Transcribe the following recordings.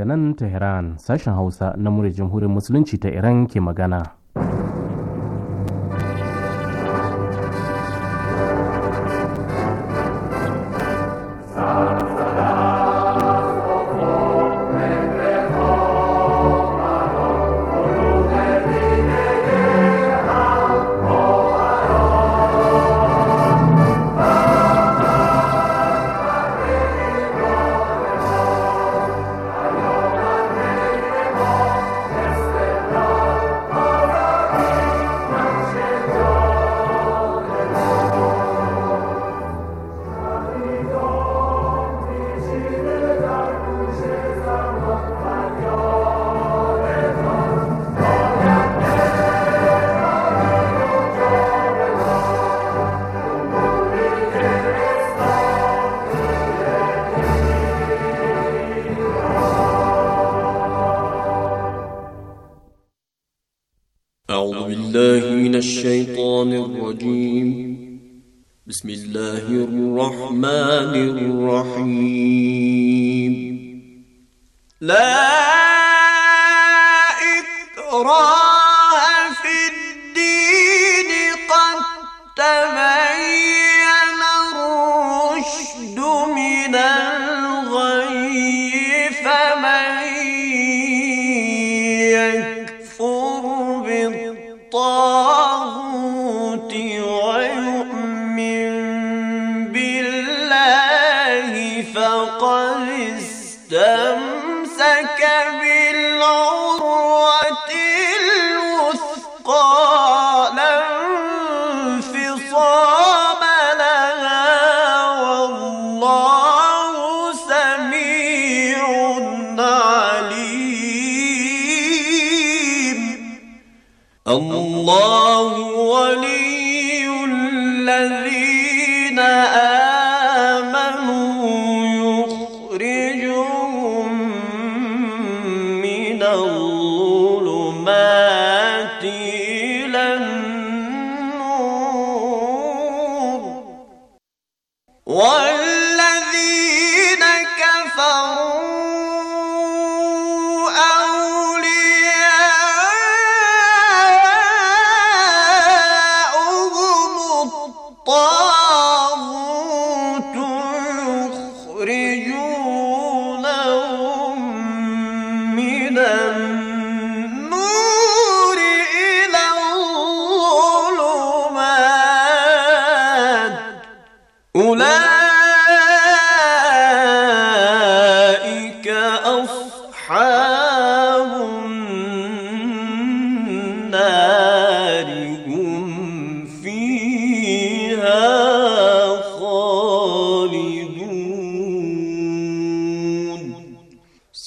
daga nan Iran, sashen Hausa na muryar Jamhuriyar Musulunci ta Iran ke magana. لا إكراه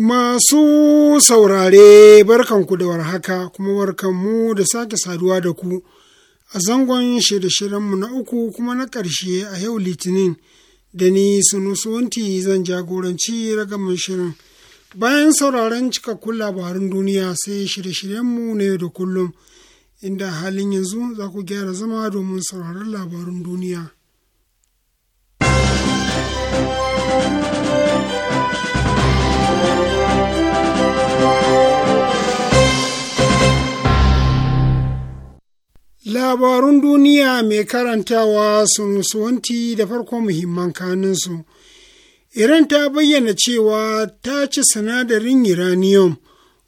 Masu saurare barkanku da warhaka kuma barkanmu da sake saduwa da ku a zangon shirye-shiryenmu na uku kuma na ƙarshe a yau litinin da ni sunusuwanti zan jagoranci ragamin shirin. Bayan sauraron cikakkun labarin duniya sai shirye-shiryenmu na yau da kullum inda halin yanzu za ku gyara zama domin sauraron labarin duniya. Labarun duniya mai karantawa sun suwanti da farko muhimman kaninsu. Iran ta bayyana cewa ta ci sinadarin uranium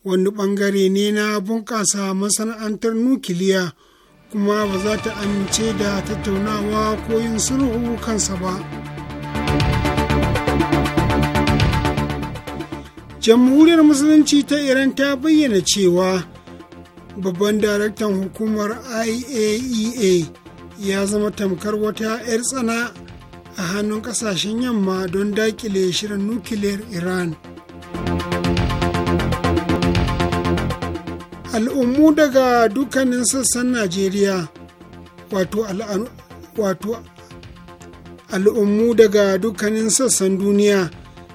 wani ɓangare ne na bunƙasa masana'antar nukiliya kuma ba za ta amince da tattaunawa ko yin sulhu kansa ba. jamhuriyar musulunci ta iran ta bayyana cewa babban daraktan hukumar iaea e ya zama tamkar wata 'yar tsana a hannun kasashen yamma don dakile shirin nukiliyar iran al'ummu daga dukkanin sassan najeriya wato al'ummu daga dukkanin sassan duniya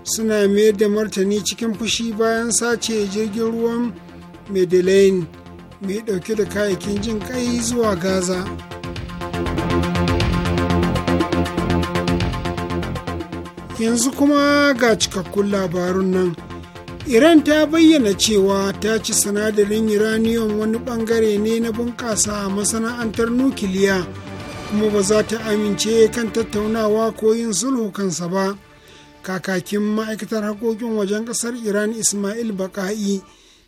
suna mayar da martani cikin fushi bayan sace jirgin ruwan medellin mai dauke da kayakin jin kai zuwa gaza yanzu kuma ga cikakkun labarun nan iran ta bayyana cewa ta ci sinadarin uranium wani bangare ne na bunƙasa masana'antar nukiliya kuma ba za ta amince kan tattaunawa ko yin sulhu kansa ba kakakin ma'aikatar harkokin wajen ƙasar iran ismail baka'i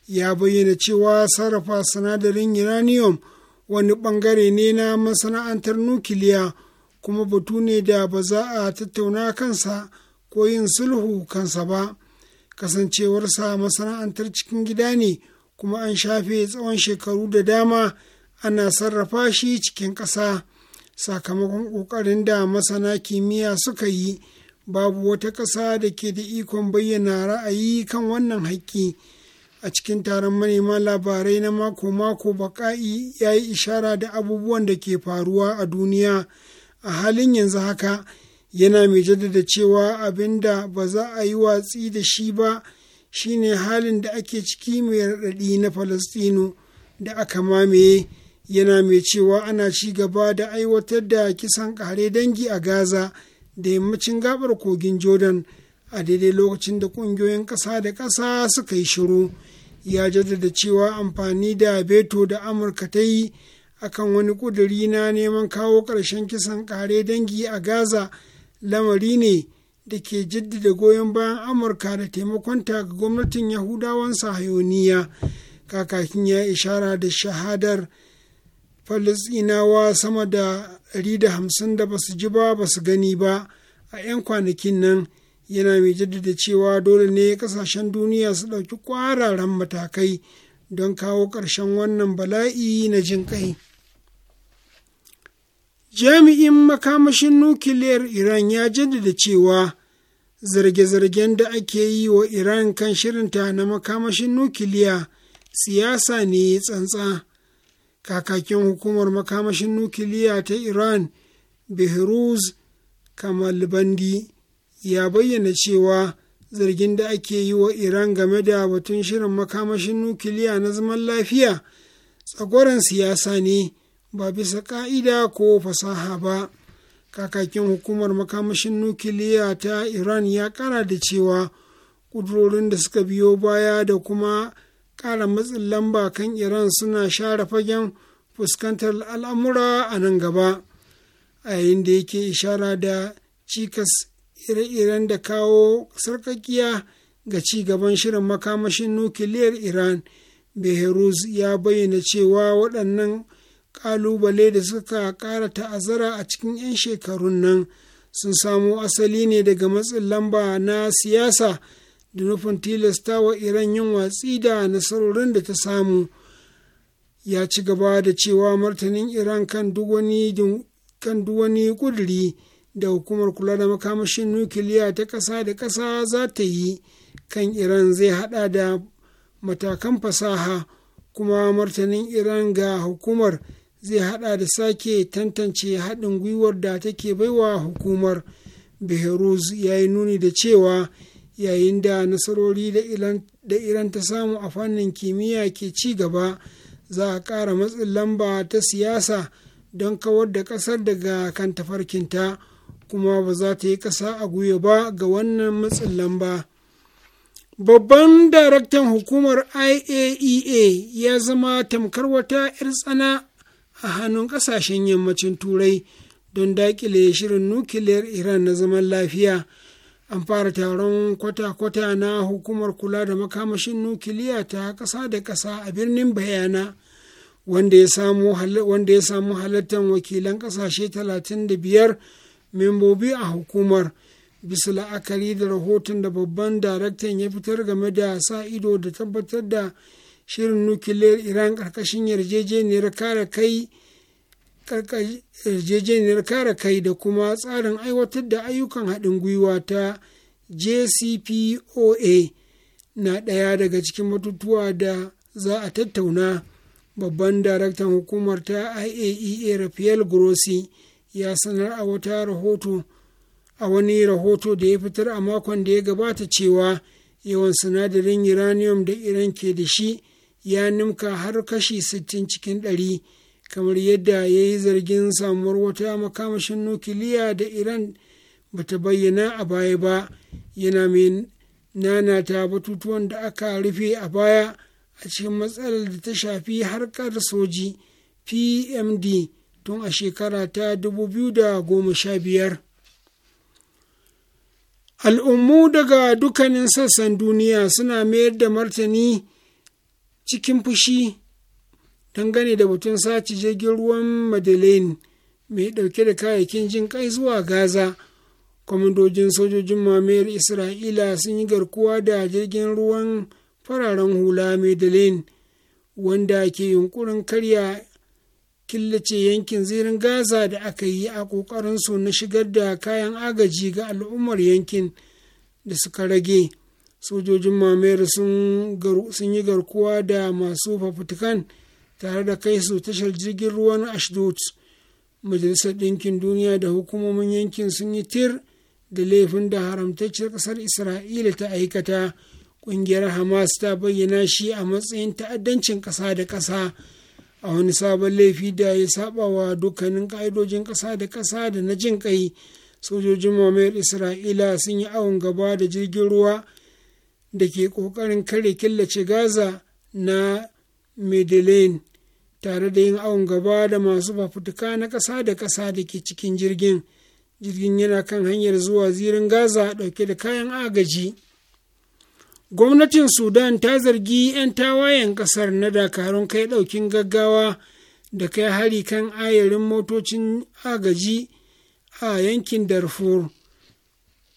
ya bayyana cewa sarrafa sinadarin uranium wani ɓangare ne na masana'antar nukiliya kuma batu ne da ba za a tattauna kansa ko yin sulhu kansa ba kasancewarsa masana'antar cikin gida ne kuma an shafe tsawon shekaru da dama ana sarrafa shi cikin ƙasa sakamakon ƙoƙarin da masana kimiyya suka yi babu wata ƙasa da ke da ikon bayyana ra'ayi kan wannan haƙƙi a cikin taron manema labarai na mako-mako baƙa'i ya yi ishara da abubuwan da ke faruwa a duniya a halin yanzu haka yana mai jaddada cewa abin da ba za a yi watsi da shi ba shine halin da ake ciki mai raɗaɗi na falastinu da aka mamaye yana mai cewa ana ci gaba da aiwatar da kisan kare dangi a gaza da yammacin gabar kogin jordan a daidai lokacin da kungiyoyin ƙasa da ƙasa suka yi shiru ya jaddada cewa amfani da beto da amurka ta yi akan wani kuduri na neman kawo ƙarshen kisan kare dangi a gaza lamari ne da ke jaddada goyon bayan amurka da taimakonta ga gwamnatin yahudawan sahayoniya kakakin ya ishara da shahadar falisinawa sama da 150 da hamsin ba su ji ba ba su gani ba a 'yan kwanakin nan yana mai jaddada cewa dole ne kasashen duniya su ɗauki ƙwararan matakai don kawo ƙarshen wannan bala'i na jin kai. jami'in makamashin nukiliyar iran ya jaddada cewa zarge-zargen da ake yi wa iran kan shirinta na makamashin nukiliya siyasa ne tsantsa kakakin hukumar makamashin nukiliya ta iran behruz kamalbandi ya bayyana cewa zargin da ake yi wa iran game da batun shirin makamashin nukiliya na zaman lafiya tsagoran siyasa ne ba bisa ka'ida ko fasaha ba kakakin hukumar makamashin nukiliya ta iran ya kara da cewa ƙudurorin da suka biyo baya da kuma ƙara matsin lamba kan iran suna share fagen fuskantar al'amura a nan gaba a yayin da yake ishara da cikas ire-iren da kawo sarkakiya ga ci gaban shirin makamashin nukiliyar iran beheruz ya bayyana cewa waɗannan ƙalubale da suka ƙara ta'azzara a cikin 'yan shekarun nan sun samo asali ne daga matsin lamba na siyasa da nufin tilasta wa iran yin watsi da nasarorin da ta samu ya ci gaba da cewa martanin iran kan duk wani kuduri da hukumar kula da makamashin nukiliya ta ƙasa da ƙasa za ta yi kan iran zai hada da matakan fasaha kuma martanin iran ga hukumar zai hada da sake tantance haɗin gwiwar da take baiwa hukumar behruz ya yi nuni da cewa yayin da nasarori da iran ta samu a fannin kimiyya ke ci gaba za a ƙara matsin lamba ta siyasa don kawar da ƙasar daga kan tafarkinta kuma ba za ta yi ƙasa a gwiwa ba ga wannan matsin lamba babban daraktan hukumar iaea e ya zama tamkar wata 'yar tsana a hannun ƙasashen yammacin turai don daƙile shirin nukiliyar iran na zaman lafiya. an fara taron kwata-kwata na hukumar kula da makamashin nukiliya ta ƙasa da ƙasa a birnin bayana wanda ya samu halattar wakilan ƙasashe 35 membobi a hukumar bisa la'akari da rahoton da babban daraktan ya fitar game da sa ido da tabbatar da shirin nukiliyar iran ƙarƙashin yarjejeniyar kare kai yarjejeniyar kare kai da kuma tsarin aiwatar da ayyukan haɗin gwiwa ta jcpoa na ɗaya daga cikin matutuwa da za a tattauna babban daraktan hukumar ta iaea e rafael grossi ya sanar a wata rahoto a wani rahoto da ya fitar a makon da ya gabata cewa yawan sinadarin uranium da iran ke da shi ya nimka har kashi 60 cikin ɗari. kamar yadda ya yi zargin samuwar wata makamashin nukiliya da iran ba ta bayyana a baya ba yana mai nanata batutuwan da aka rufe a baya a cikin matsalar da ta shafi harkar soji pmd tun a shekara ta 2015 al'ummu daga dukkanin sassan duniya suna mayar da martani cikin fushi dangane da batun sace jirgin ruwan madeleine mai ɗauke da kayayyakin jin kai zuwa gaza kwamandojin sojojin mamayar isra'ila sun yi garkuwa da jirgin ruwan fararen hula madeleine wanda ke yunkurin karya killace yankin zirin gaza da aka yi a ƙoƙarinsu na shigar da kayan agaji ga al'ummar yankin da suka rage sojojin mamayar sun yi garkuwa da masu fafutukan tare da kai su tashar jirgin ruwan na ashdod majalisar ɗinkin duniya da hukumomin yankin sun yi tir da laifin da haramtacciyar ƙasar isra'ila ta aikata ƙungiyar hamas ta bayyana shi a matsayin ta'addancin ƙasa da ƙasa a wani sabon laifi da ya saba wa dukkanin ƙa'idojin ƙasa da ƙasa da na jin ƙai sojojin mamayar isra'ila sun yi awon gaba da jirgin ruwa da ke ƙoƙarin kare killace gaza na medellin tare da yin awon gaba da masu fafutuka na ƙasa da ƙasa da ke cikin jirgin jirgin yana kan hanyar zuwa zirin gaza ɗauke da kayan agaji gwamnatin sudan ta zargi 'yan tawayen ƙasar na dakarun kai ɗaukin gaggawa da kai hari kan ayarin motocin agaji a yankin darfur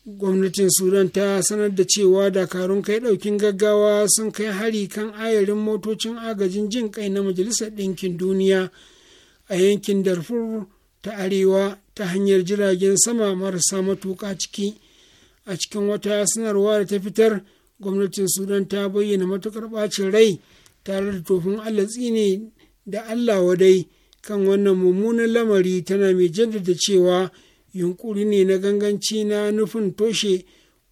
gwamnatin sudan ta sanar da cewa dakarun kai daukin gaggawa sun kai hari kan ayarin motocin agajin jin kai na majalisar ɗinkin duniya a yankin darfur ta arewa ta hanyar jiragen sama marasa matuƙa ciki a cikin wata sanarwa da ta fitar gwamnatin sudan ta bayyana matuƙar ɓacin rai tare da tofin allatsi ne da allah wadai kan wannan mummunan lamari tana mai jaddada cewa yunkuri ne na ganganci na nufin toshe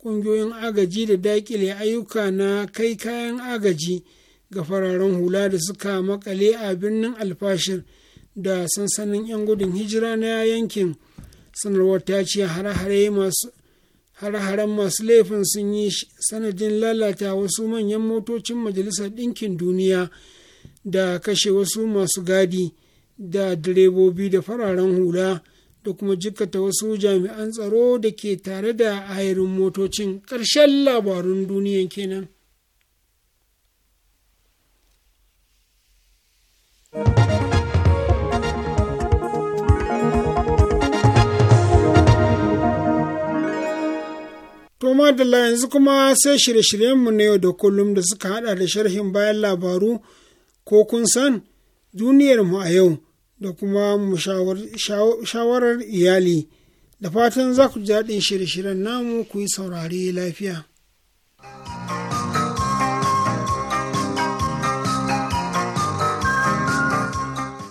ƙungiyoyin agaji da daƙile ayyuka na kai kayan agaji ga fararen hula da suka makale a birnin alfashir da sansanin 'yan gudun hijira na yankin sanarwar ta ce hare-haren masu laifin sun yi sanadin lalata wasu manyan motocin majalisar ɗinkin duniya da kashe wasu masu gadi da direbobi da fararen hula. da kuma jikata wasu jami'an tsaro da ke tare da ayarin motocin ƙarshen labarun duniyan kenan. To madalla yanzu kuma sai shirye-shiryenmu na yau da kullum da suka hada da sharhin bayan labaru ko kun san duniyarmu a yau. da kuma shawarar iyali da fatan za ku ji daɗin shirye-shiryen namu ku yi saurare lafiya.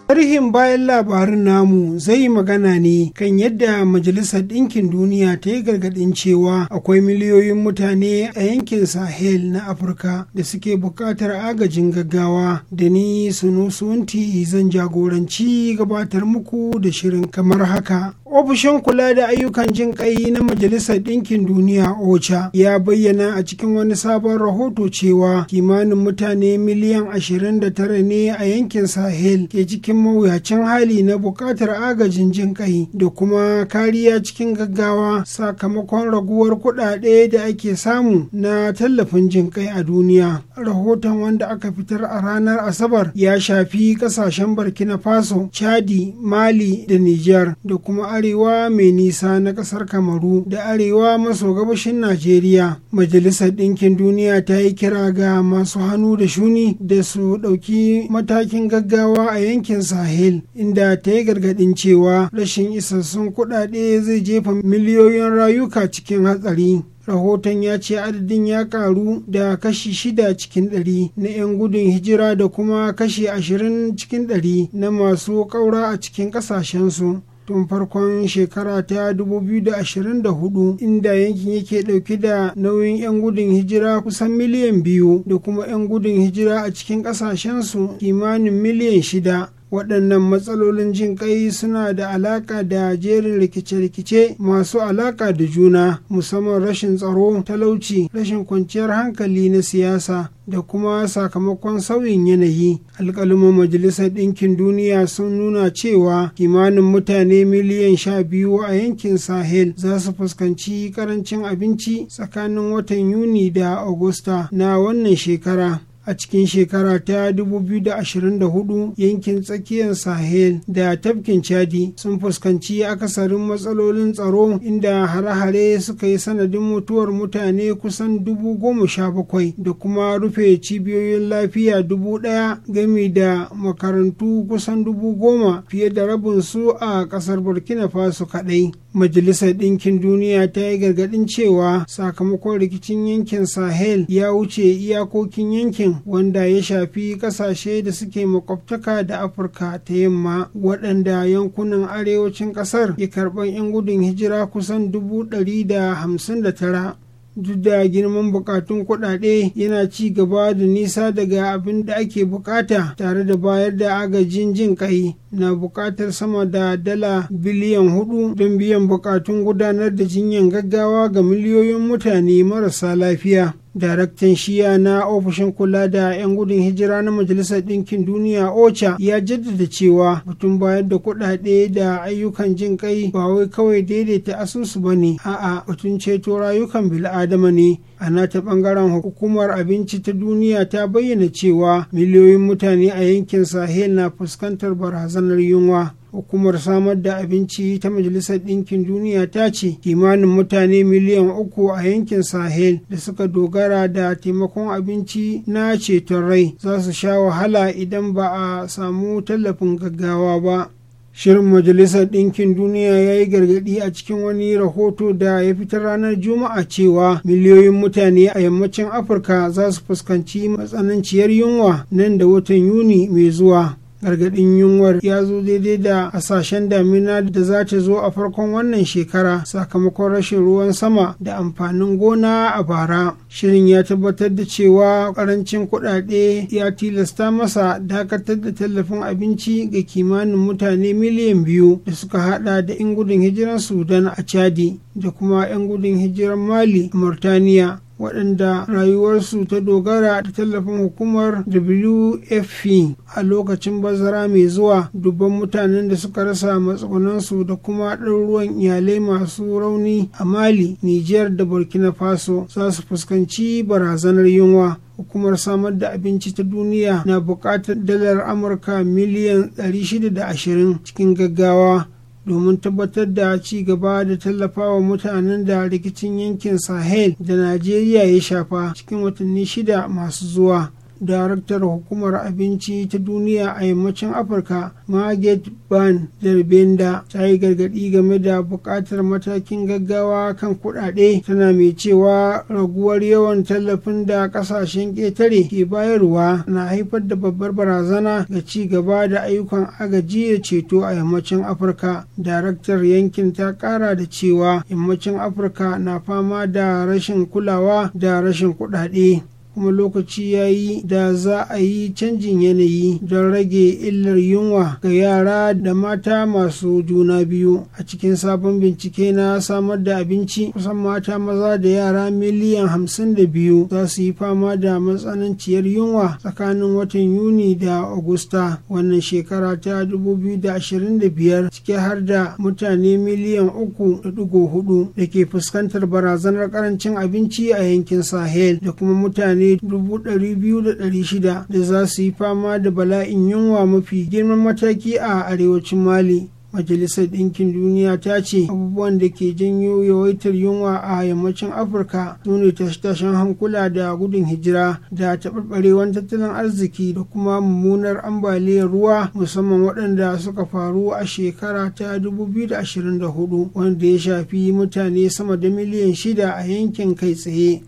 Tarihin bayan labarin namu zai yi magana ne kan yadda Majalisar Ɗinkin Duniya ta yi gargaɗin cewa akwai miliyoyin mutane a yankin Sahel na Afirka da suke buƙatar agajin gaggawa da ni sunusunti zan jagoranci gabatar muku da shirin kamar haka. Ofishin kula da ayyukan jin ƙai na Majalisar Ɗinkin Duniya OCHA ya bayyana a cikin wani sabon rahoto cewa kimanin mutane miliyan 29 ne a yankin Sahel ke cikin cikin mawuyacin hali na buƙatar agajin jin kai da kuma kariya cikin gaggawa sakamakon raguwar kuɗaɗe da ake samu na tallafin jin kai a duniya rahoton wanda aka fitar a ranar asabar ya shafi ƙasashen burkina faso chadi mali da nijar da kuma arewa mai nisa na ƙasar kamaru da arewa maso gabashin najeriya majalisar ɗinkin duniya ta yi kira ga masu hannu da shuni da su ɗauki matakin gaggawa a yankin sahel inda ta yi gargadin cewa rashin isassun kuɗaɗe zai jefa miliyoyin rayuka cikin hatsari rahoton ya ce adadin ya karu da kashi shida cikin ɗari na 'yan gudun hijira da kuma kashi ashirin cikin ɗari na masu ƙaura a cikin ƙasashensu tun farkon shekara ta 2024 inda yankin yake ɗauke da nauyin 'yan gudun hijira kusan miliyan biyu da kuma 'yan gudun hijira a cikin kasashensu kimanin miliyan shida waɗannan matsalolin jin ƙai suna da alaƙa da jerin rikice-rikice masu alaƙa da juna musamman rashin tsaro talauci rashin kwanciyar hankali na siyasa da kuma sakamakon sauyin yanayi alƙaluman majalisar ɗinkin duniya sun nuna cewa kimanin mutane miliyan sha biyu a yankin sahel za su fuskanci karancin abinci tsakanin watan yuni da agusta na wannan shekara a cikin shekara ta 2024 yankin tsakiyar sahel da tafkin chadi sun fuskanci akasarin matsalolin tsaro inda hare-hare suka yi sanadin mutuwar mutane kusan 17,000, da kuma rufe cibiyoyin lafiya 1,000, gami da makarantu kusan 10,000, fiye da rabin su a kasar burkina faso kaɗai. majalisar ɗinkin duniya ta yi gargaɗin cewa sakamakon rikicin yankin sahel ya wuce iyakokin yankin wanda ya shafi kasashe da suke makwabtaka da afirka ta yamma waɗanda yankunan arewacin ƙasar ya karɓar 'yan gudun hijira kusan 159 duk da girman bukatun kuɗaɗe yana ci gaba da nisa daga abin da ake buƙata, tare da bayar da agajin jin kai na buƙatar sama da dala biliyan hudu don biyan buƙatun gudanar da jinyan gaggawa ga miliyoyin mutane marasa lafiya daraktan shiya na ofishin kula da 'yan gudun hijira na majalisar ɗinkin duniya ocha ya jaddada cewa mutum bayar da kuɗaɗe da ayyukan jin kai ba wai kawai daidaita asusu ba ne a'a batun ceto rayukan bil'adama ne a nata bangaren hukumar abinci ta duniya ta bayyana cewa miliyoyin mutane a yankin sahel na fuskantar barazanar yunwa hukumar samar da abinci ta majalisar ɗinkin duniya ta ce kimanin mutane miliyan uku a yankin sahel da suka dogara da taimakon abinci na ceton rai za su sha wahala idan ba a samu tallafin gaggawa ba Shirin Majalisar Ɗinkin Duniya ya yi gargaɗi a cikin wani rahoto da ya fitar ranar Juma'a cewa miliyoyin mutane a yammacin Afirka za su fuskanci matsananciyar yunwa nan da watan Yuni mai zuwa. gargaɗin yunwar ya zo daidai da hasashen damina da za ta zo a farkon wannan shekara sakamakon rashin ruwan sama da amfanin gona a bara shirin ya tabbatar da cewa ƙarancin kuɗaɗe ya tilasta masa dakatar da tallafin abinci ga kimanin mutane miliyan biyu da suka haɗa da 'yan gudun hijiran sudan a chadi da kuma 'yan gudun hijiran mali a murtaniya waɗanda rayuwarsu ta dogara da tallafin hukumar wfp a lokacin bazara mai zuwa dubban mutanen da suka rasa matsugunansu da kuma ɗaruruwan iyalai masu rauni a mali nijar da burkina faso za su fuskanci barazanar yunwa hukumar samar da abinci ta duniya na buƙatar dalar amurka miliyan 620 cikin gaggawa domin tabbatar da ci gaba da tallafawa mutanen da rikicin yankin sahel da najeriya ya shafa cikin watanni shida masu zuwa daraktar hukumar abinci ta duniya a yammacin afirka margaret ban darbenda ta yi gargadi game da buƙatar matakin gaggawa kan kuɗaɗe tana mai cewa raguwar yawan tallafin da ƙasashen ƙetare ke bayarwa na haifar da babbar barazana ga ci gaba da ayyukan agaji da ceto a yammacin afirka daraktar yankin ta kara da cewa yammacin afirka na fama da rashin kulawa da rashin kuɗaɗe kuma lokaci ya yi da za a yi canjin yanayi don rage illar yunwa ga yara da mata masu juna biyu a cikin sabon bincike na samar da abinci kusan mata maza da yara miliyan hamsin da biyu za su yi fama da matsananciyar yunwa tsakanin watan yuni da agusta wannan shekara ta 2025 ciki har da mutane miliyan uku da dugo hudu da ke fuskantar barazanar karancin abinci a yankin sahel da kuma mutane mutane 2,600 da za su yi fama da bala'in yunwa mafi girman mataki a arewacin mali majalisar ɗinkin duniya ta ce abubuwan da ke janyo yawaitar yunwa a yammacin afirka su tashe-tashen hankula da gudun hijira da taɓarɓarewar tattalin arziki da kuma mummunar ambaliyar ruwa musamman waɗanda suka faru a shekara ta 2024 wanda ya shafi mutane sama da miliyan shida a yankin kai tsaye.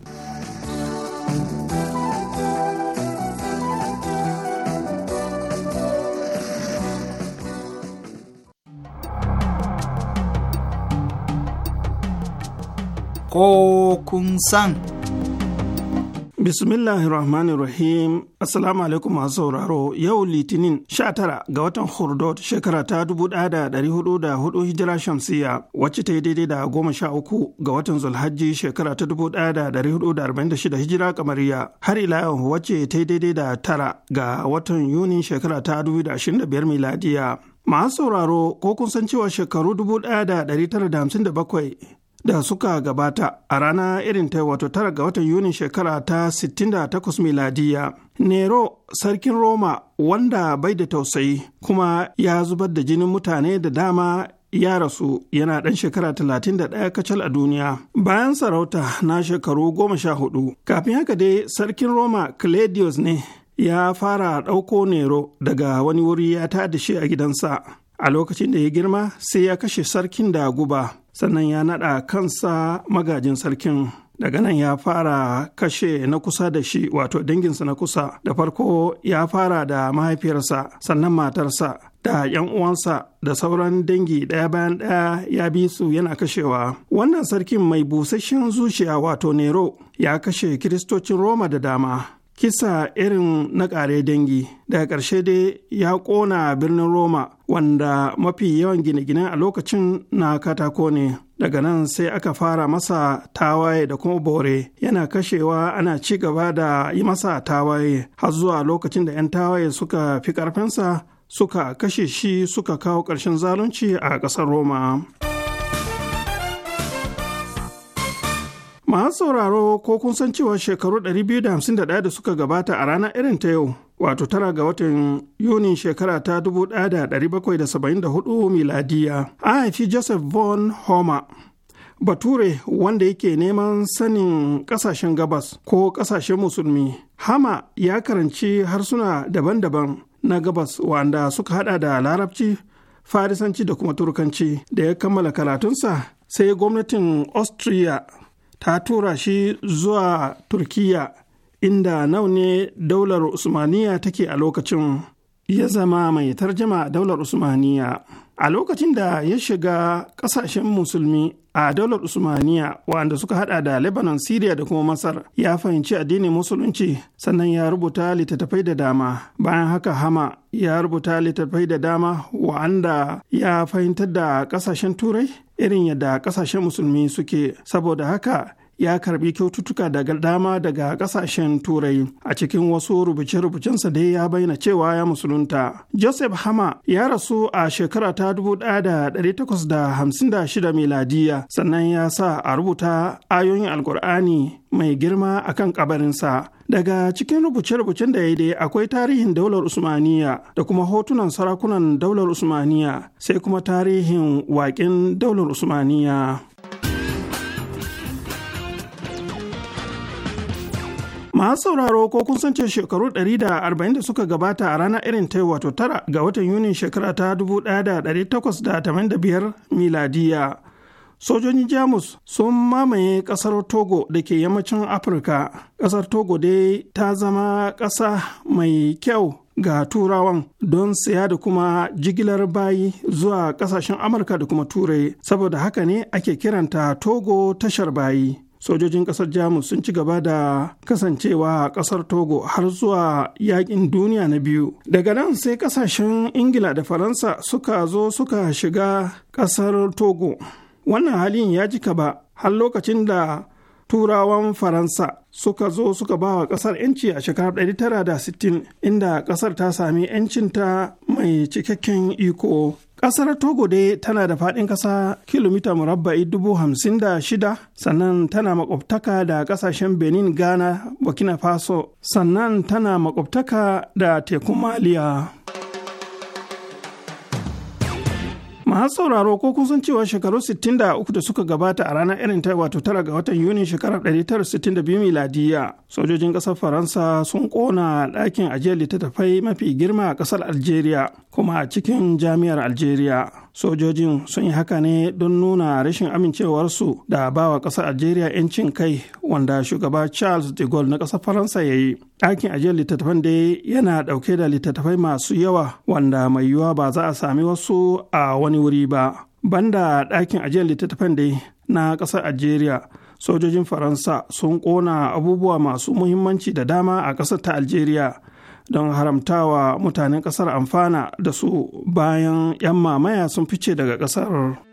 ko kun san. Bismillahirrahmanirrahim Assalamu alaikum masu sauraro yau Litinin 19 ga watan Hurdot shekara ta 1404 hijira shamsiya wacce ta yi daidai da goma sha uku ga watan Zulhajji shekara ta 1446 hijira kamariya har ila yau wacce ta yi daidai da tara ga watan Yuni shekara ta 2025 miladiya. Masu sauraro ko kun san cewa shekaru 1957 da suka gabata a rana irin ta wato tara ga watan Yunin shekara ta 68 miladiya. Nero sarkin Roma wanda bai da tausayi kuma ya zubar da jinin mutane da dama ya rasu yana ɗan shekara 31 kacal a duniya bayan sarauta na shekaru 14 kafin haka dai sarkin Roma Claudius ne ya fara ɗauko Nero daga wani wuri ya tada shi a gidansa. A lokacin da ya girma sai ya kashe sarkin da guba sannan ya naɗa kansa magajin sarkin daga nan ya fara kashe na kusa da shi wato danginsa na kusa da farko ya fara da mahaifiyarsa sannan matarsa da 'yan uwansa da sauran dangi ɗaya bayan ɗaya ya bi su yana kashewa wannan sarkin mai busasshen zuciya wato nero ya kashe kiristocin roma da dama kisa irin na ƙare dangi daga ƙarshe dai ya ƙona birnin roma wanda mafi yawan gine gine a lokacin na katako ne daga nan sai aka fara masa tawaye da kuma bore yana kashewa ana ci gaba da yi masa tawaye har zuwa lokacin da 'yan tawaye suka fi ƙarfinsa suka kashe shi suka kawo ƙarshen zalunci a ƙasar roma. Masu sauraro ko kun san cewa shekaru 251 da suka gabata a ranar irin ta yau, wato tara ga watan Yunin shekara ta 1774 miladiya. An haifi Joseph von homa Bature wanda yake neman sanin kasashen gabas ko kasashen musulmi. Hama ya karanci harsuna daban-daban na gabas wanda suka hada da larabci, farisanci da kuma turkanci da ya kammala karatunsa sai gwamnatin Austria ta tura shi zuwa turkiya inda nau ne daular usmaniya take a lokacin ya zama mai tarjama a daular usmaniya a lokacin da ya shiga kasashen musulmi a daular usmaniya wanda suka hada da lebanon syria da kuma masar ya fahimci addinin musulunci sannan ya rubuta littattafai da dama bayan haka hama ya rubuta littattafai da dama wa'anda ya fahimtar da kasashen turai irin yadda kasashen musulmi suke saboda haka ya karbi kyaututtuka daga dama daga kasashen turai a cikin wasu rubuce-rubucensa dai ya bayyana cewa ya musulunta joseph hama ya rasu a shekara ta 1856 miladiya sannan ya sa a rubuta ayoyin alkur'ani mai girma a kan kabarinsa daga cikin rubuce-rubucen da ya dai akwai tarihin daular usmaniya da kuma hotunan sarakunan daular usmaniya sai kuma tarihin waƙin daular usmaniya Masu sauraro ko kun san ce shekaru 140 da suka gabata a ranar irin ta wato tara ga watan Yunin shekara ta 1885 miladiya. Sojojin Jamus sun mamaye ƙasar Togo da ke yammacin Afirka. Ƙasar Togo dai ta zama ƙasa mai kyau ga turawan don siya da kuma jigilar bayi zuwa kasashen amurka da kuma turai saboda haka ne ake kiranta togo tashar bayi sojojin kasar jamus sun ci gaba da kasancewa a kasar togo har zuwa yakin duniya na biyu daga nan sai kasashen ingila da faransa suka zo suka shiga kasar togo wannan halin ya jika ba har lokacin da turawan faransa suka zo suka ba wa kasar yanci a shekarar 1960 inda kasar ta sami yancinta mai cikakken iko kasar togo dai tana da faɗin ƙasa kilomita murabba'i dubu hamsin da shida sannan tana makwabtaka da ƙasashen benin ghana burkina faso sannan tana makwabtaka da tekun maliya. masu sauraro ko kun san cewa shekaru 63 da suka gabata a ranar irin ta wato tara ga watan yuni shekarar 1962 miladiya sojojin ƙasar faransa sun ƙona ɗakin ajiyar littattafai mafi girma a ƙasar algeria kuma a cikin jami'ar algeria sojojin sun yi haka ne don nuna rashin amincewarsu da bawa ƙasar algeria 'yancin kai wanda shugaba charles de gaulle na ƙasar faransa ya yi ɗakin ajiyar littattafan dai yana ɗauke da littattafai masu yawa wanda mai yiwuwa ba za a sami wasu a wani wuri ba banda ɗakin ajiyar littattafan da na ƙasar algeria sojojin faransa sun ƙona abubuwa masu muhimmanci da dama a ƙasar ta algeria don haramtawa mutanen ƙasar amfana da su bayan 'yan mamaya sun fice daga ƙasar.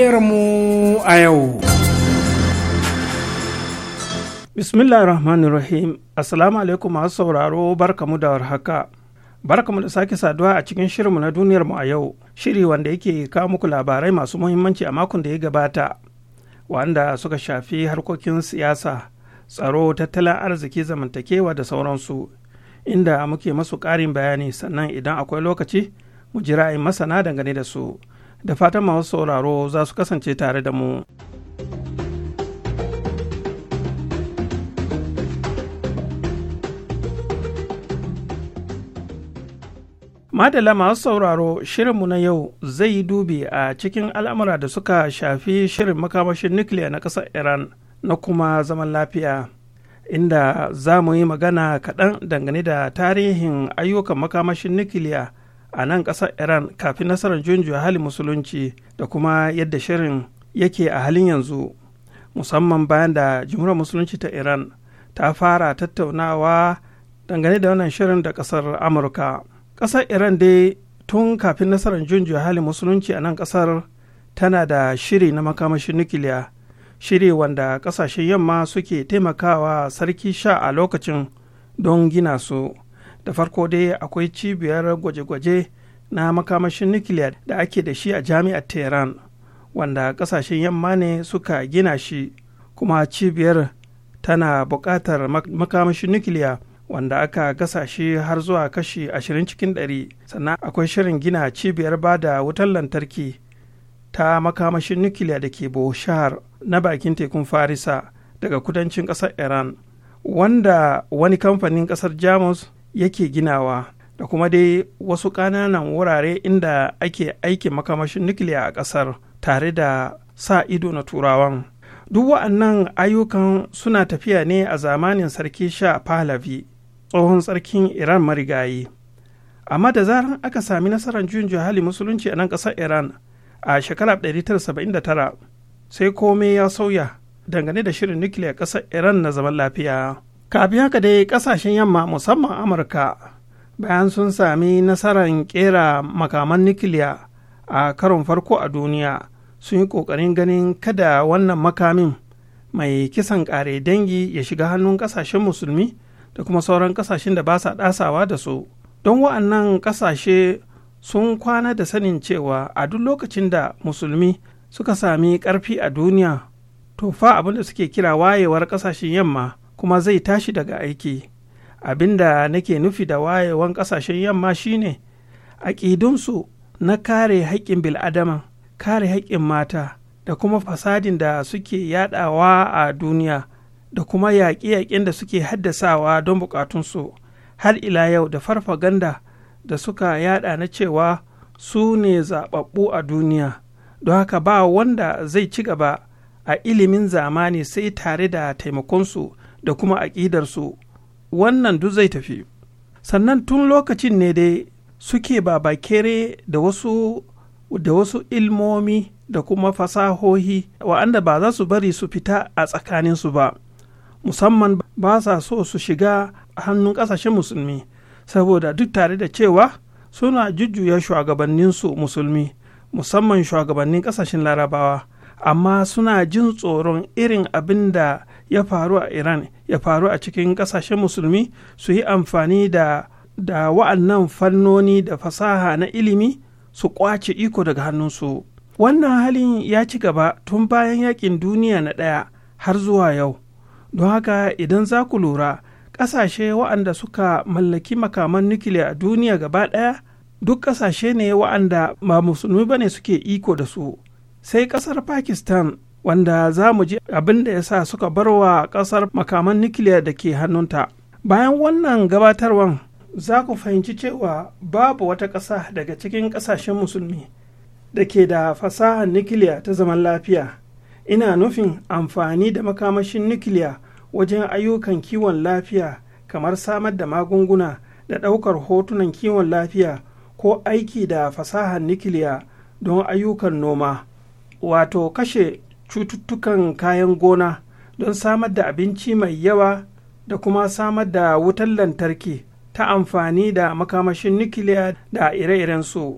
mu a yau. Bismillah rahmanir rahim Assalamu alaikum masu sauraro barkamu da warhaka. mu da sake saduwa a cikin shirinmu na duniyar mu a yau, shiri wanda yake kawo muku labarai masu muhimmanci a makon da ya gabata, wanda suka shafi harkokin siyasa, tsaro, tattalin arziki, zamantakewa da sauransu, inda muke masu ƙarin bayani sannan idan akwai lokaci, mu ji ra'ayin masana dangane da su. da fatan masu sauraro za su kasance tare da mu. Madala masu sauraro shirinmu na yau zai yi dubi a cikin al'amura da suka shafi shirin makamashin nukiliya na ƙasar Iran na kuma zaman lafiya, inda za mu yi magana kaɗan dangane da tarihin ayyukan makamashin nukiliya a nan ƙasar iran kafin nasarar junjuya hali musulunci da kuma yadda shirin yake a halin yanzu musamman bayan da jimurar musulunci ta iran ta fara tattaunawa dangane da wannan shirin da ƙasar amurka ƙasar iran dai tun kafin nasarar junjuya hali musulunci a nan ƙasar tana da shiri na makamashin nukiliya shiri wanda ƙasashen yamma suke taimakawa sarki sha a lokacin don gina su da farko dai akwai cibiyar gwaje-gwaje na makamashin nukiliya da ake da shi a jami'ar tehran wanda kasashen yamma ne suka gina shi kuma cibiyar tana buƙatar makamashin nukiliya wanda aka gasa shi har zuwa kashi 20 cikin 100 sannan akwai shirin gina cibiyar ba da wutar lantarki ta makamashin nukiliya da ke boshar na bakin tekun farisa daga kudancin ƙasar iran wanda wani kamfanin ƙasar jamus yake ginawa da kuma dai wasu ƙananan wurare inda ake aikin makamashin nukiliya a ƙasar tare da sa ido na turawan duk wa'annan ayyukan suna tafiya ne a zamanin sarki sha pahlavi tsohon sarkin iran marigayi amma da zaran aka sami nasarar juyin hali musulunci a nan ƙasar iran a shekarar 1979 sai komai ya sauya dangane da shirin nukiliya ƙasar iran na zaman lafiya kafin haka dai kasashen yamma musamman amurka bayan sun sami nasarar kera makaman nukiliya a karon farko a duniya sun yi ƙoƙarin ganin kada wannan makamin mai kisan ƙare dangi ya shiga hannun ƙasashen musulmi da kuma sauran ƙasashen da ba sa ɗasawa da su don wa'annan ƙasashe sun kwana da sanin cewa a duk lokacin da musulmi suka sami ƙarfi a duniya to fa abin da suke kira wayewar ƙasashen yamma kuma zai tashi daga aiki abinda nake nufi da wayewan ƙasashen yamma shine A aƙidunsu na kare haƙƙin bil'adama kare haƙƙin mata da kuma fasadin da suke yadawa a duniya da kuma yaƙi-yaƙin da suke haddasawa don buƙatunsu har ila yau da farfaganda da suka yada na cewa su ne zaɓaɓɓu a duniya don haka ba wanda zai ci gaba a ilimin zamani sai tare da taimakonsu da kuma aƙidarsu wannan duk zai tafi sannan tun lokacin ne dai suke babakere da wasu da wasu ilmomi da kuma fasahohi wa'anda ba za su bari su fita a tsakaninsu ba musamman ba sa so su shiga hannun ƙasashen musulmi saboda duk tare da cewa suna jujjuya shugabanninsu musulmi musamman shugabannin ƙasashen larabawa amma suna jin tsoron irin abin da ya faru a iran ya faru a cikin kasashen musulmi su yi amfani da da wa'annan fannoni da fasaha na ilimi su ƙwace iko daga hannunsu wannan halin ya ci gaba tun bayan yakin duniya na ɗaya har zuwa yau don haka idan za ku lura ƙasashe wa'anda suka mallaki makaman nukiliya a duniya gaba ɗaya duk ƙasashe ne wa'anda ba musulmi ba ne suke iko da su sai ƙasar pakistan wanda za mu ji abin da ya sa suka bar wa ƙasar makaman nukiliya da ke hannunta bayan wannan gabatarwan za ku fahimci cewa babu wata ƙasa daga cikin ƙasashen musulmi da ke da fasahar nukiliya ta zaman lafiya ina nufin amfani da makamashin nukiliya wajen ayyukan kiwon lafiya kamar samar da magunguna da ɗaukar hotunan kiwon lafiya ko aiki da fasahar nukiliya don ayyukan noma wato kashe cututtukan kayan gona don samar da abinci mai yawa da kuma samar da wutar lantarki ta amfani da makamashin nukiliya da ire-irensu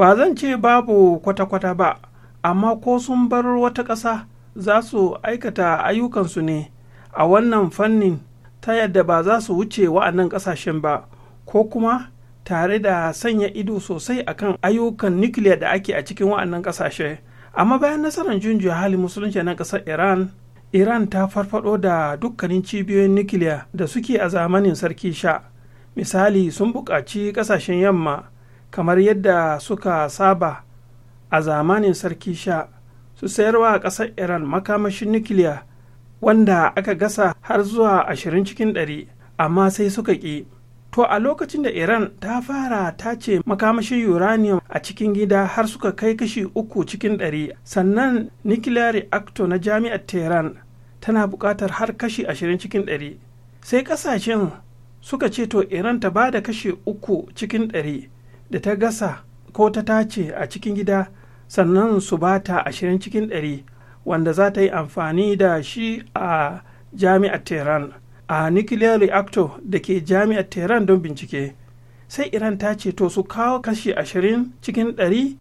ba zan ce babu kwata-kwata ba amma ko sun bar wata ƙasa za su aikata ayyukansu ne a wannan fannin ta yadda ba za su wuce wa'annan ƙasashen ba ko kuma tare da sanya ido sosai akan ayyukan nukiliya da ake a cikin wa'annan ƙasashe amma bayan nasarar junjiya hali musulunci na ƙasar iran iran ta farfado da dukkanin cibiyoyin nukiliya da suke a zamanin sarki sha misali sun buƙaci ƙasashen yamma kamar yadda suka saba a zamanin sarki sha su sayarwa a ƙasar iran makamashin nukiliya wanda aka gasa har zuwa ashirin cikin ɗari amma sai suka ƙi To a lokacin da Iran ta fara ta ce makamashin uranium a cikin gida har suka kai kashi uku cikin ɗari sannan nuclear reactor na jami'ar Tehran tana buƙatar har kashi ashirin cikin ɗari. Sai ƙasashen suka ce to Iran ta ba da kashi uku cikin ɗari da ta gasa ko ta tace a cikin gida sannan su ba ta ashirin cikin ɗari wanda za ta yi amfani da shi a jami'ar Tehran. a nuclear reactor da ke jami'ar tehran don bincike sai iran ta ce to su kawo kashi 20 cikin 100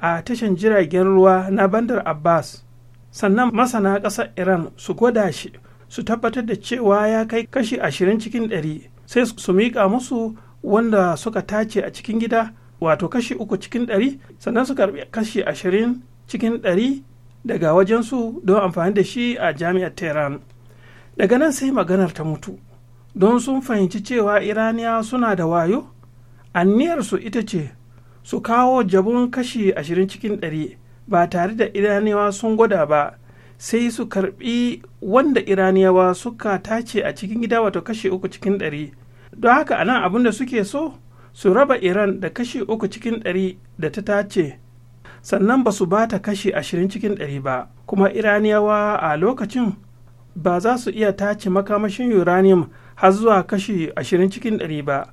a tashin jiragen ruwa na bandar abbas sannan masana ƙasar iran su gwada shi su tabbatar da cewa ya kai kashi 20 cikin 100 sai su miƙa musu wanda suka tace a cikin gida wato kashi uku cikin ɗari sannan su karbi kashi ashirin cikin ɗari daga wajensu don amfani da shi a jami'ar tehran daga nan sai maganar ta mutu don sun fahimci cewa iraniya suna da wayo su ita ce su kawo jabun kashi ashirin cikin ɗari ba tare da iraniyawa sun gwada ba sai su karbi wanda iraniyawa suka tace a cikin gida wato kashi uku cikin ɗari don haka anan abin da suke so su raba iran da kashi uku cikin ɗari da ta tace sannan ba su ba kashi ashirin cikin ɗari ba kuma iraniyawa a lokacin ba za su iya tace makamashin uranium har zuwa kashi ashirin cikin ɗari ba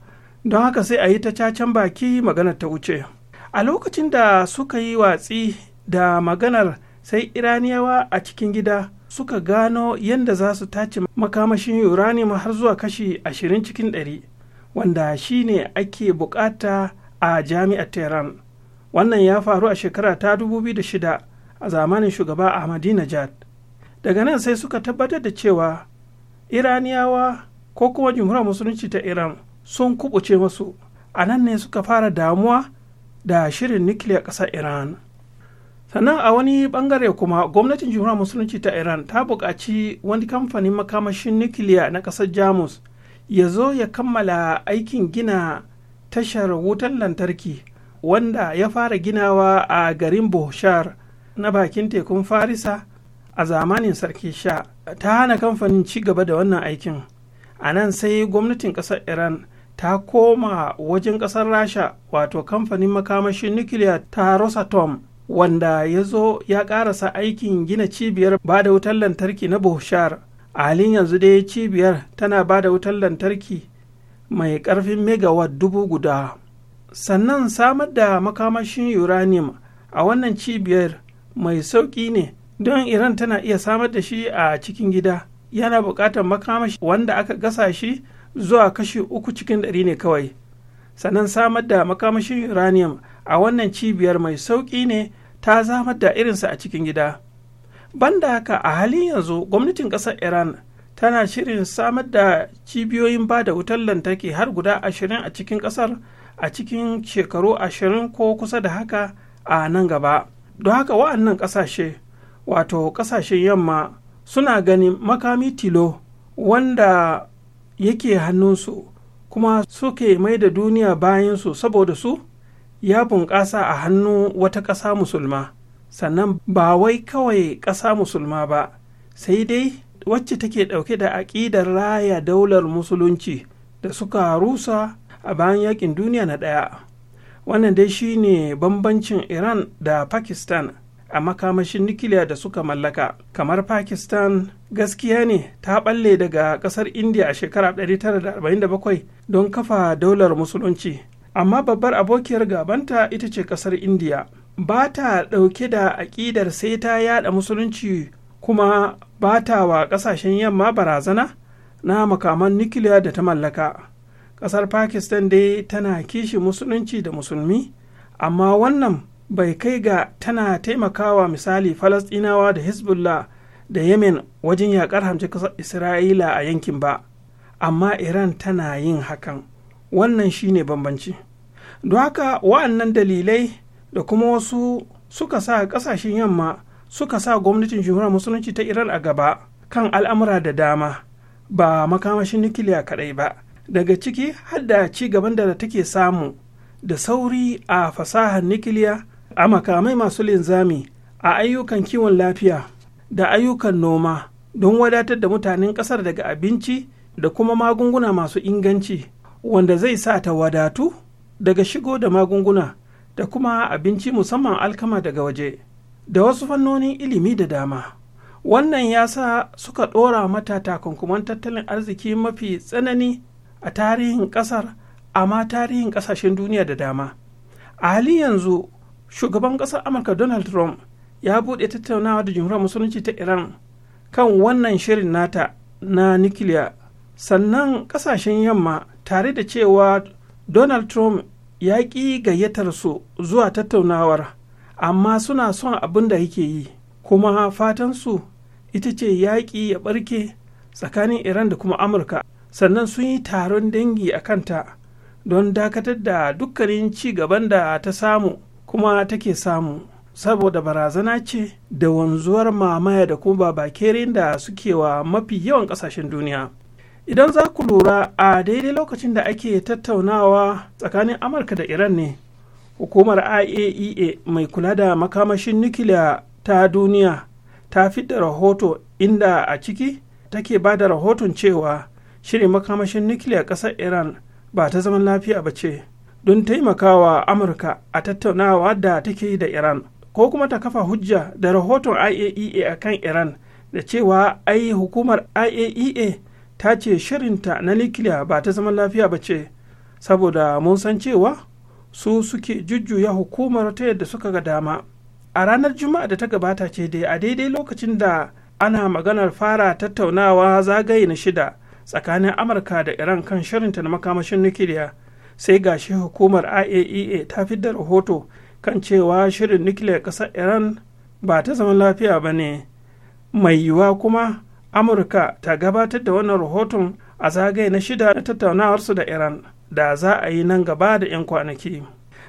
don haka sai a yi ta cacen baki maganar ta wuce a lokacin da suka yi watsi da maganar sai iraniyawa a cikin gida suka gano yadda za su tace makamashin uranium har zuwa kashi ashirin cikin ɗari wanda shi ne ake bukata a jami'ar tehran wannan ya faru a shekara ta 2006 a zamanin shugaba ahmadinejad daga nan sai suka tabbatar da cewa iraniyawa ko kuma jumhuriyar musulunci ta iran sun kubuce masu a nan ne suka fara damuwa da shirin nukiliya ƙasar iran sannan a wani bangare kuma gwamnatin jumhuriyar musulunci ta iran ta buƙaci wani kamfanin makamashin nukiliya na ƙasar jamus ya zo ya kammala aikin gina tashar wutan lantarki wanda ya fara ginawa a garin bohshar na bakin tekun farisa a zamanin sarki sha ta hana kamfanin ci gaba da wannan aikin a nan sai gwamnatin ƙasar iran ta koma wajen ƙasar rasha wato kamfanin makamashin nukiliya ta rosatom wanda ya zo ya ƙarasa aikin gina cibiyar ba da wutan lantarki na bohshar a halin yanzu dai cibiyar tana ba da wutar lantarki mai ƙarfin megawatt dubu guda sannan samar da makamashin uranium a wannan cibiyar mai sauƙi ne don iran tana iya samar da shi a cikin gida yana buƙatar makamashi wanda aka gasa shi zuwa kashi uku cikin ɗari ne kawai sannan samar da makamashin uranium a wannan cibiyar mai sauƙi ne ta zamar da irinsa a cikin gida. banda haka a halin yanzu gwamnatin ƙasar iran tana shirin samar da cibiyoyin ba da wutar lantarki har guda ashirin a cikin ƙasar a cikin shekaru ashirin ko kusa da haka a nan gaba don haka wa'annan ƙasashe wato ƙasashen yamma suna ganin makami tilo wanda yake hannunsu kuma suke mai da duniya bayansu saboda su ya bunƙasa a hannun wata ƙasa musulma sannan ba wai kawai ƙasa musulma ba sai dai wacce take ɗauke da aƙidar raya daular musulunci da suka rusa a bayan yakin duniya na ɗaya wannan dai shine bambancin iran da pakistan a makamashin nukiliya da suka mallaka kamar pakistan gaskiya ne ta ɓalle daga ƙasar india a shekara 1947 don kafa daular musulunci amma babbar abokiyar gabanta ita ce ƙasar india ba ta ɗauke da aƙidar sai ta yada musulunci kuma ba ta wa ƙasashen yamma barazana na makaman nukiliya da ta mallaka ƙasar pakistan dai tana kishi musulunci da musulmi amma wannan bai kai ga tana taimakawa misali falastinawa da hezbollah da yemen wajen yaƙar hamci ƙasar isra'ila a yankin ba amma iran tana yin hakan wannan shine bambanci don haka wa'annan dalilai da kuma wasu suka sa kasashen yamma suka sa gwamnatin jamhuriyar musulunci ta iran a gaba kan al'amura da dama ba makamashin nukiliya kadai ba daga ciki hadda ci gaban da take samu da sauri a fasahar nukiliya a makamai masu linzami a ayyukan kiwon lafiya da ayyukan noma don wadatar da mutanen kasar daga abinci da kuma magunguna masu inganci wanda zai sa ta wadatu daga shigo da magunguna da kuma abinci musamman alkama daga waje da wasu fannonin ilimi da dama wannan ya sa suka ɗora mata takunkuman tattalin arziki mafi tsanani a tarihin ƙasar amma tarihin ƙasashen duniya da dama a halin yanzu shugaban ƙasar amurka donald trump ya buɗe tattaunawa da jimhuriyar musulunci ta iran kan wannan shirin nata na nukiliya sannan ƙasashen yamma tare da cewa donald trump ya ƙi gayyatar su zuwa tattaunawar amma suna son abin da yake yi kuma fatan su ita ce yaƙi ya ɓarke tsakanin iran da kuma amurka sannan sun yi taron dangi a kanta don dakatar da dukkanin ci gaban da ta samu kuma take samu saboda barazana ce da wanzuwar mamaya da kuma babakerin da suke wa mafi yawan ƙasashen duniya idan za ku lura a daidai lokacin da ake tattaunawa tsakanin amurka da iran ne hukumar iaea e mai kula da makamashin nukiliya ta duniya ta fidda rahoto inda a ciki take ba da rahoton cewa shirin makamashin nukiliya ƙasar iran ba ta zaman lafiya ba ce don taimakawa amurka a tattaunawa da take da iran ko kuma ta kafa hujja da rahoton iaea akan iran da cewa ai hukumar iaea e ta ce shirinta na likiliya ba ta zaman lafiya ba ce saboda mun san cewa su suke jujjuya hukumar ta yadda suka ga dama a ranar juma'a da ta gabata ce dai a daidai lokacin da ana maganar fara tattaunawa zagaye na shida tsakanin amurka da iran kan shirinta na makamashin nukiliya sai gashi hukumar iaea e ta da rahoto kan cewa shirin nukiliyar ƙasar iran ba ta zaman lafiya ba ne mai yiwuwa kuma amurka ta gabatar da wannan rahoton a zagaye na shida na tattaunawarsu da iran da za a yi nan gaba da 'yan kwanaki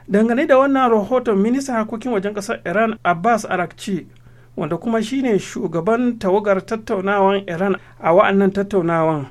dangane da wannan rahoton ministan harkokin wajen ƙasar iran abbas arakci wanda kuma shine shugaban tawagar tattaunawan iran a wa'annan tattaunawan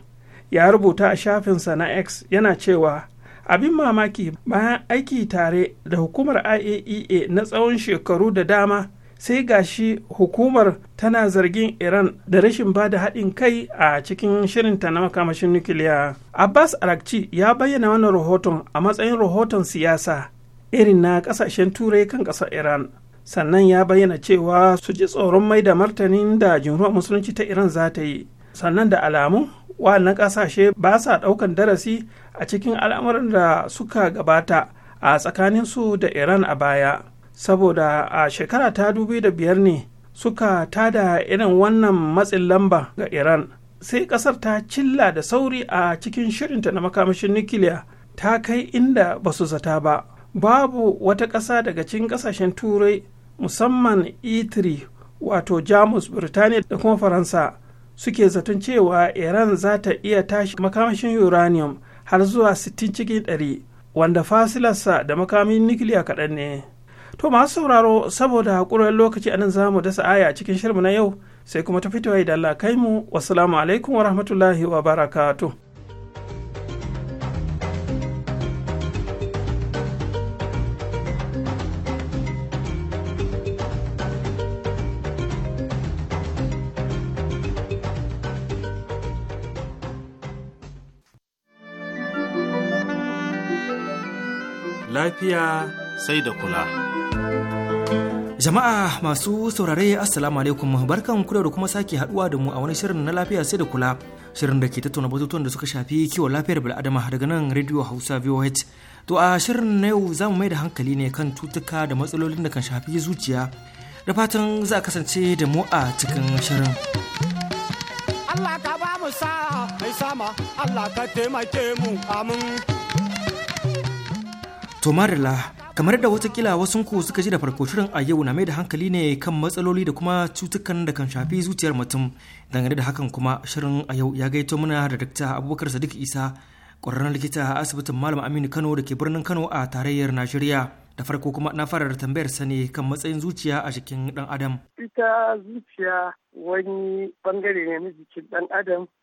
ya rubuta a shafinsa na x yana cewa abin mamaki bayan aiki tare da hukumar iaea e na tsawon shekaru da dama sai gashi hukumar tana zargin iran da rashin ba da haɗin kai a cikin shirinta na makamashin nukiliya abbas arakci ya bayyana wannan rahoton a matsayin rahoton siyasa irin na ƙasashen turai kan ƙasar iran sannan ya bayyana cewa su ji tsoron mai da martanin da jumhuriyar musulunci ta iran za ta yi sannan da alamu wannan ƙasashe ba sa ɗaukan darasi a cikin al'amuran da suka gabata a tsakaninsu da iran a baya saboda a shekara ta da biyar ne suka tada irin wannan matsin lamba ga iran sai kasar ta cilla da sauri a cikin shirinta na makamashin nukiliya ta kai inda ba su zata ba babu wata ƙasa daga cikin ƙasashen turai musamman itri e wato jamus birtaniya da kuma faransa suke zaton cewa iran za ta iya tashi makamashin uranium har zuwa 60 cikin 100 wanda fasilarsa da makamin nukiliya kaɗan ne to masu sauraro saboda haƙurar lokaci anan za mu dasa aya cikin shirmu na yau sai kuma ta fito da Allah kai mu wasalamu alaikum wa rahmatullahi wa barakatu. lafiya sai da kula. Jama'a masu saurare Assalamu alaikum barkan ku da kuma sake haduwa da mu a wani shirin na lafiya sai da kula shirin da ke tattauna batutuwan da suka shafi kiwon lafiyar bil'adama daga nan Radio Hausa VOH. To a shirin na yau zamu mai da hankali ne kan cutuka da matsalolin da kan shafi zuciya. Da fatan za a kasance da mu a cikin shirin. Allah ka ba mu sa'a mai sama Allah ka taimake mu amin. To marilla, kamar da watakila wasunku suka ji da farko shirin a yau na mai da hankali ne kan matsaloli da kuma cutukan da kan shafi zuciyar mutum. Dangane da hakan kuma shirin a yau ya gaito mana da Dakta Abubakar Sadiq Isa, ƙwararren likita a asibitin Malam Aminu Kano da ke birnin Kano a tarayyar Najeriya. Da farko kuma na fara da tambayar sani kan matsayin zuciya a jikin ɗan Adam. Ita zuciya wani bangare ne na jikin ɗan Adam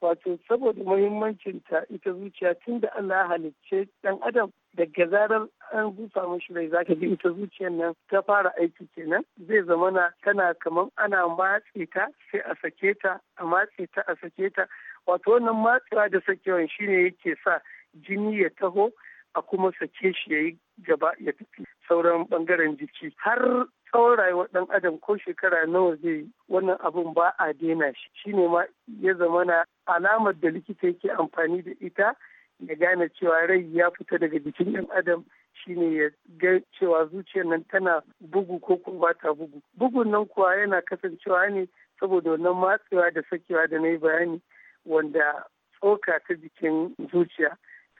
wato saboda muhimmancin ta ita zuciya tunda da Allah ya halicce dan adam daga zarar an busa mishi rai zaka ji ita zuciyar nan ta fara aiki kenan zai zama na tana kamar ana matse ta sai a sake ta a matse ta a sake ta wato wannan matsewa da sakewan shine yake sa jini ya taho a kuma sake shi ya yi gaba ya tafi sauran bangaren jiki har tsawon rayuwar dan adam ko shekara nawa zai yi wannan abun ba a daina shi shine ma ya zama na alamar da likita yake amfani da ita ya gane cewa rai ya fita daga jikin dan adam shine ya ga cewa zuciyar nan tana bugu ko kuma ba ta bugu bugun nan kuwa yana kasancewa ne saboda wannan matsewa da sakewa da na yi bayani wanda tsoka ta jikin zuciya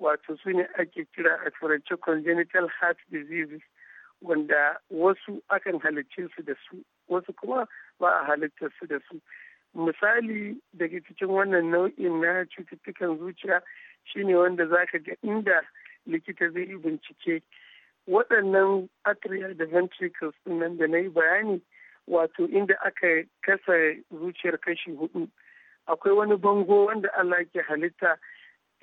wato su ne ake kira a turance congenital heart diseases wanda wasu akan halicce su da su wasu kuma ba a halittar su da su misali daga cikin wannan nau'in na cututtukan zuciya shine wanda zaka ga inda likita zai yi bincike waɗannan atria da ventricles nan da na yi bayani wato inda aka kasa zuciyar kashi hudu akwai wani bango wanda Allah ke halitta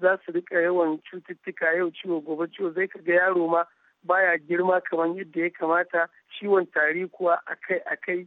za su rika yawan cututtuka yau ciwo gobe ciwo zai kaga yaro ma baya girma kamar yadda ya kamata ciwon tari kuwa akai akai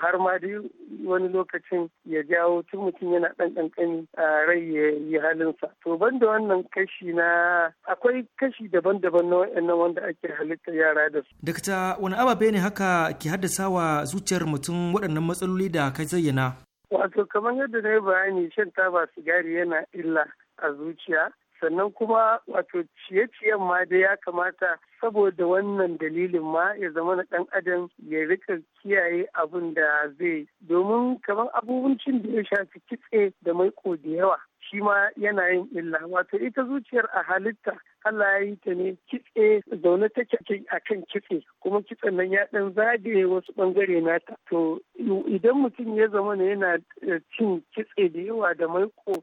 har ma dai wani lokacin ya jawo tun mutum yana ɗan ƙanƙani a rai ya yi halinsa. To ban da wannan kashi na akwai kashi daban-daban na wa'annan wanda ake halittar yara da su. Dakta wani ababe ne haka ki haddasa wa zuciyar mutum waɗannan matsaloli da ka zayyana? Wato kamar yadda na yi bayani shan taba sigari yana illa a zuciya sannan kuma wato ciye-ciyen ma da ya kamata saboda wannan dalilin ma ya zama na ɗan adam ya rika kiyaye abin da zai domin kamar abubuncin da ya shafi kitse da maiƙo da yawa shi ma yana yin illa wato ita zuciyar a halitta Allah ya yi ta ne kitse zaune take a kan kitse kuma kitsen nan ya dan zagaye wasu bangare nata to idan mutum ya zama yana eh, cin kitse da yawa da maiko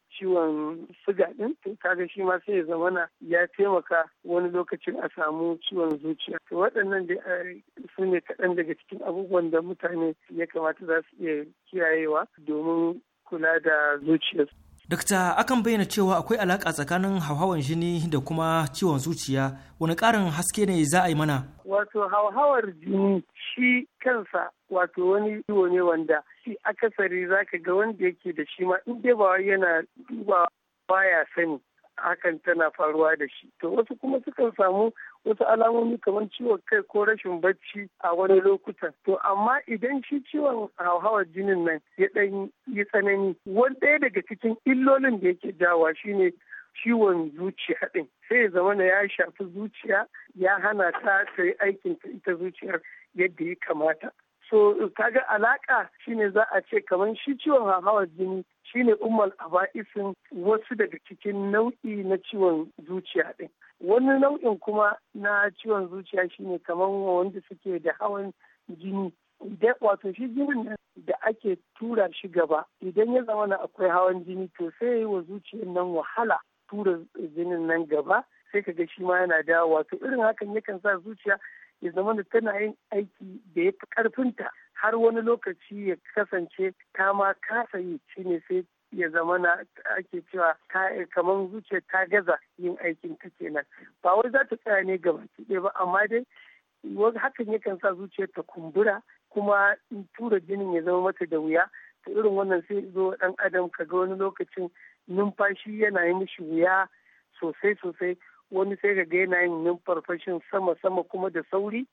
ciwon suga ɗin to kaga shi ma sai ya zamana ya taimaka wani lokacin a samu ciwon zuciya to waɗannan da eh, su ne kaɗan daga cikin abubuwan da mutane ya kamata za su iya kiyayewa domin kula da zuciyarsu Dokta akan bayyana cewa akwai alaƙa tsakanin hauhawar jini da kuma ciwon zuciya wani ƙarin haske ne za a yi mana. Wato hauhawar jini shi kansa wato wani iwo ne wanda shi akasari zaka ga wanda yake da shi ma in dai ba yana dubawa baya sani hakan tana faruwa da shi to wasu kuma sukan samu wasu alamomi kamar ciwon kai ko rashin bacci a wani lokuta. To amma idan shi ciwon hauhawar jinin nan ya ɗan yi tsanani wani ɗaya daga cikin illolin da yake jawa shine ciwon zuciya ɗin sai ya zama ya shafi zuciya ya hana ta ta yi aikin ta ita zuciyar yadda ya kamata. So ga alaƙa shine za a ce kamar shi ciwon hauhawar jini shine a aba'isin wasu daga cikin nau'i na ciwon zuciya ɗin wani nau'in kuma na ciwon zuciya shine kamar wanda suke da hawan jini idan wato shi jinin nan da ake tura shi gaba idan ya zama na akwai hawan jini to sai yi wa zuciyar nan wahala tura jinin nan gaba sai ka ga shi ma yana dawowa wato. irin hakan yakan sa zuciya ya zama da tana yin aiki da ya fi karfinta har wani lokaci ya kasance ta ma kasa yi shine sai ya zama na ake cewa kamar zuciya ta gaza yin aikin ta kenan ba wai za ta tsaya ne ga ɗaya ba amma dai wani hakan yakan sa zuciya ta kumbura kuma tura jinin ya zama mata da wuya ta irin wannan sai zo dan adam ka ga wani lokacin numfashi yana yi mishi wuya sosai sosai wani sai ga yana yin numfashin sama sama kuma da sauri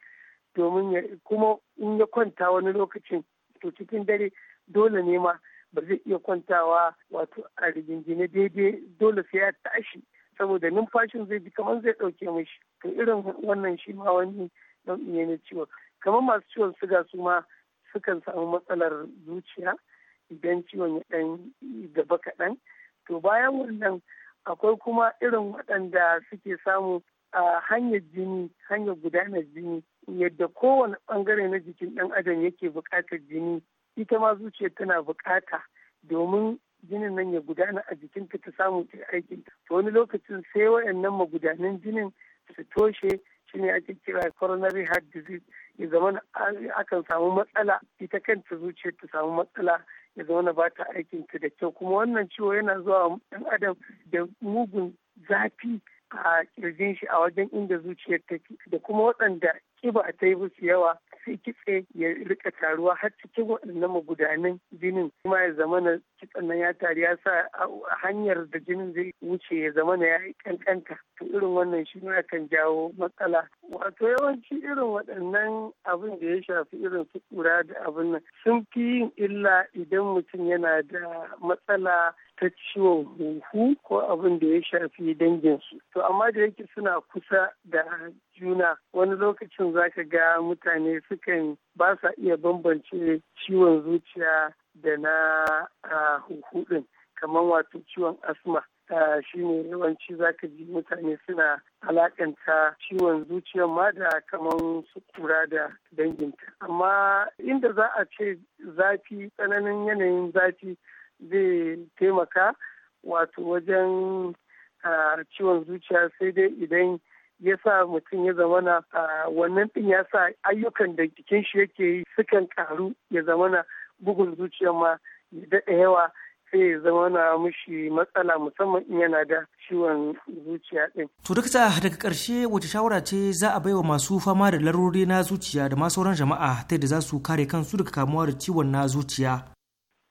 domin ya kuma in ya kwanta wani lokacin to cikin dare dole ne ma ba zai iya kwantawa wato a rigingine daidai dole sai ya tashi saboda numfashin zai bi kamar zai dauke mashi to irin wannan shi ma wani ne na ciwon kamar masu ciwon suga su ma sukan samu matsalar zuciya idan ciwon ya dan gaba kaɗan to bayan wannan akwai kuma irin waɗanda suke samu a hanyar jini hanyar gudanar jini yadda kowane bangare na jikin dan adam yake bukatar jini ita ma zuciyar tana bukata domin jinin nan ya gudana a jikinta ta samu ta aikin to wani lokacin sai wayannan magudanan jinin su toshe shine ake kira coronary heart disease ya zama akan samu matsala ita kanta zuciyar ta samu matsala ya zama na bata aikin ta da kyau kuma wannan ciwo yana zuwa dan adam da mugun zafi a kirjin shi a wajen inda zuciyar take da kuma waɗanda kiba ta yi musu yawa sai kitse ya rika taruwa har cikin waɗannan magudanan jinin kuma ya zamana kitsen nan ya taru ya sa hanyar da jinin zai wuce ya zamana ya yi kankanta to irin wannan shi ne kan jawo matsala wato yawanci irin waɗannan abin da ya shafi irin su kura da abin nan sun fi yin illa idan mutum yana da matsala ta ciwon huhu ko abin da ya shafi danginsu to amma da yake suna kusa da juna wani lokacin za ka ga mutane sukan ba sa iya bambance ciwon zuciya da na huhudin kamar wato ciwon asma shi ne yawanci ka ji mutane suna alakanta ciwon zuciya ma da kamar su kura da danginta amma inda za a ce zafi tsananin yanayin zafi zai taimaka wato wajen ciwon zuciya sai dai idan ya sa mutum ya zamana a wannan ɗin ya sa ayyukan da jikin shi yake yi sukan karu ya zamana bugun zuciya ma ya daɗa yawa sai ya zamana mushi matsala musamman in yana da ciwon zuciya ɗin. To duk daga karshe wace shawara ce za a baiwa masu fama da larurori na zuciya da ma sauran jama'a ta yadda za su kare kansu daga kamuwa da ciwon na zuciya?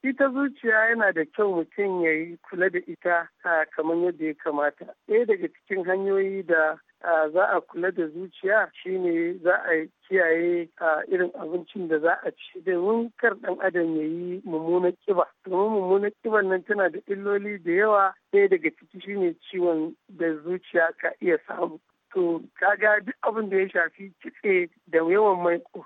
ita zuciya yana da kyau mutum ya yi kula da ita kamar yadda ya kamata ɗaya daga cikin hanyoyi da za a kula da zuciya shine za a kiyaye irin abincin da za a ci domin kar ɗan adam ya yi mummunan kiba domin mummunan kiban nan tana da illoli da yawa sai daga ciki shine ciwon da zuciya ka iya samu to kaga duk abin da ya shafi kitse da yawan maiko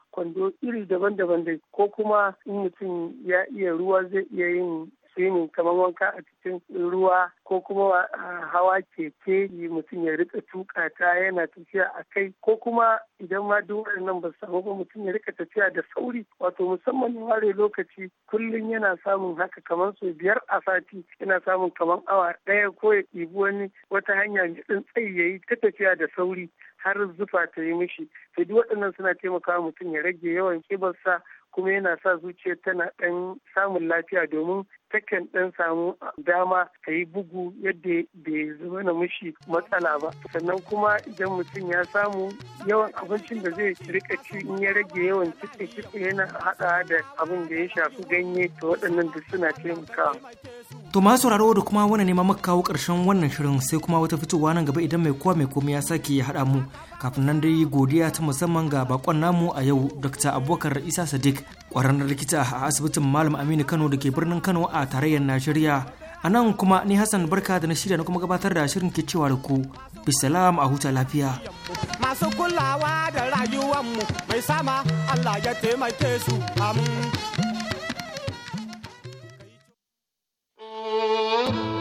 kwando iri daban-daban dai ko kuma in mutum ya iya ruwa zai iya yin swimming kamar wanka a cikin ruwa ko kuma hawa keke mutum ya rika tuka ta yana tafiya a kai ko kuma idan ma duk waɗannan ba samu ba mutum ya rika tafiya da sauri wato musamman ware lokaci kullum yana samun haka kamar sau biyar a sati yana samun kamar awa ɗaya ko ya ɗibi wani wata hanya mai tsayi ya yi ta tafiya da sauri har zufa ta yi mishi sai duk waɗannan suna taimakawa mutum ya rage yawan kibarsa kuma yana sa zuciya tana ɗan samun lafiya domin takan ɗan samu dama ta yi bugu yadda bai zama na mushi matsala ba sannan kuma idan mutum ya samu yawan abincin da zai rika ci in ya rage yawan kitse kitse yana haɗa da abin da ya shafi ganye to waɗannan da suna taimakawa. To ma sauraro da kuma wani neman maka kawo ƙarshen wannan shirin sai kuma wata fitowa nan gaba idan mai kowa mai komai ya sake ya haɗa mu kafin nan dai godiya ta musamman ga bakon namu a yau dr abubakar isa sadiq kwararren likita a asibitin malam aminu kano da ke birnin kano a tarayyar najeriya a nan kuma ni hassan barka da na shirya na kuma gabatar da shirin ke cewa da ku bisalam a huta lafiya masu kulawa da rayuwanmu mai sama allah ya taimake su amin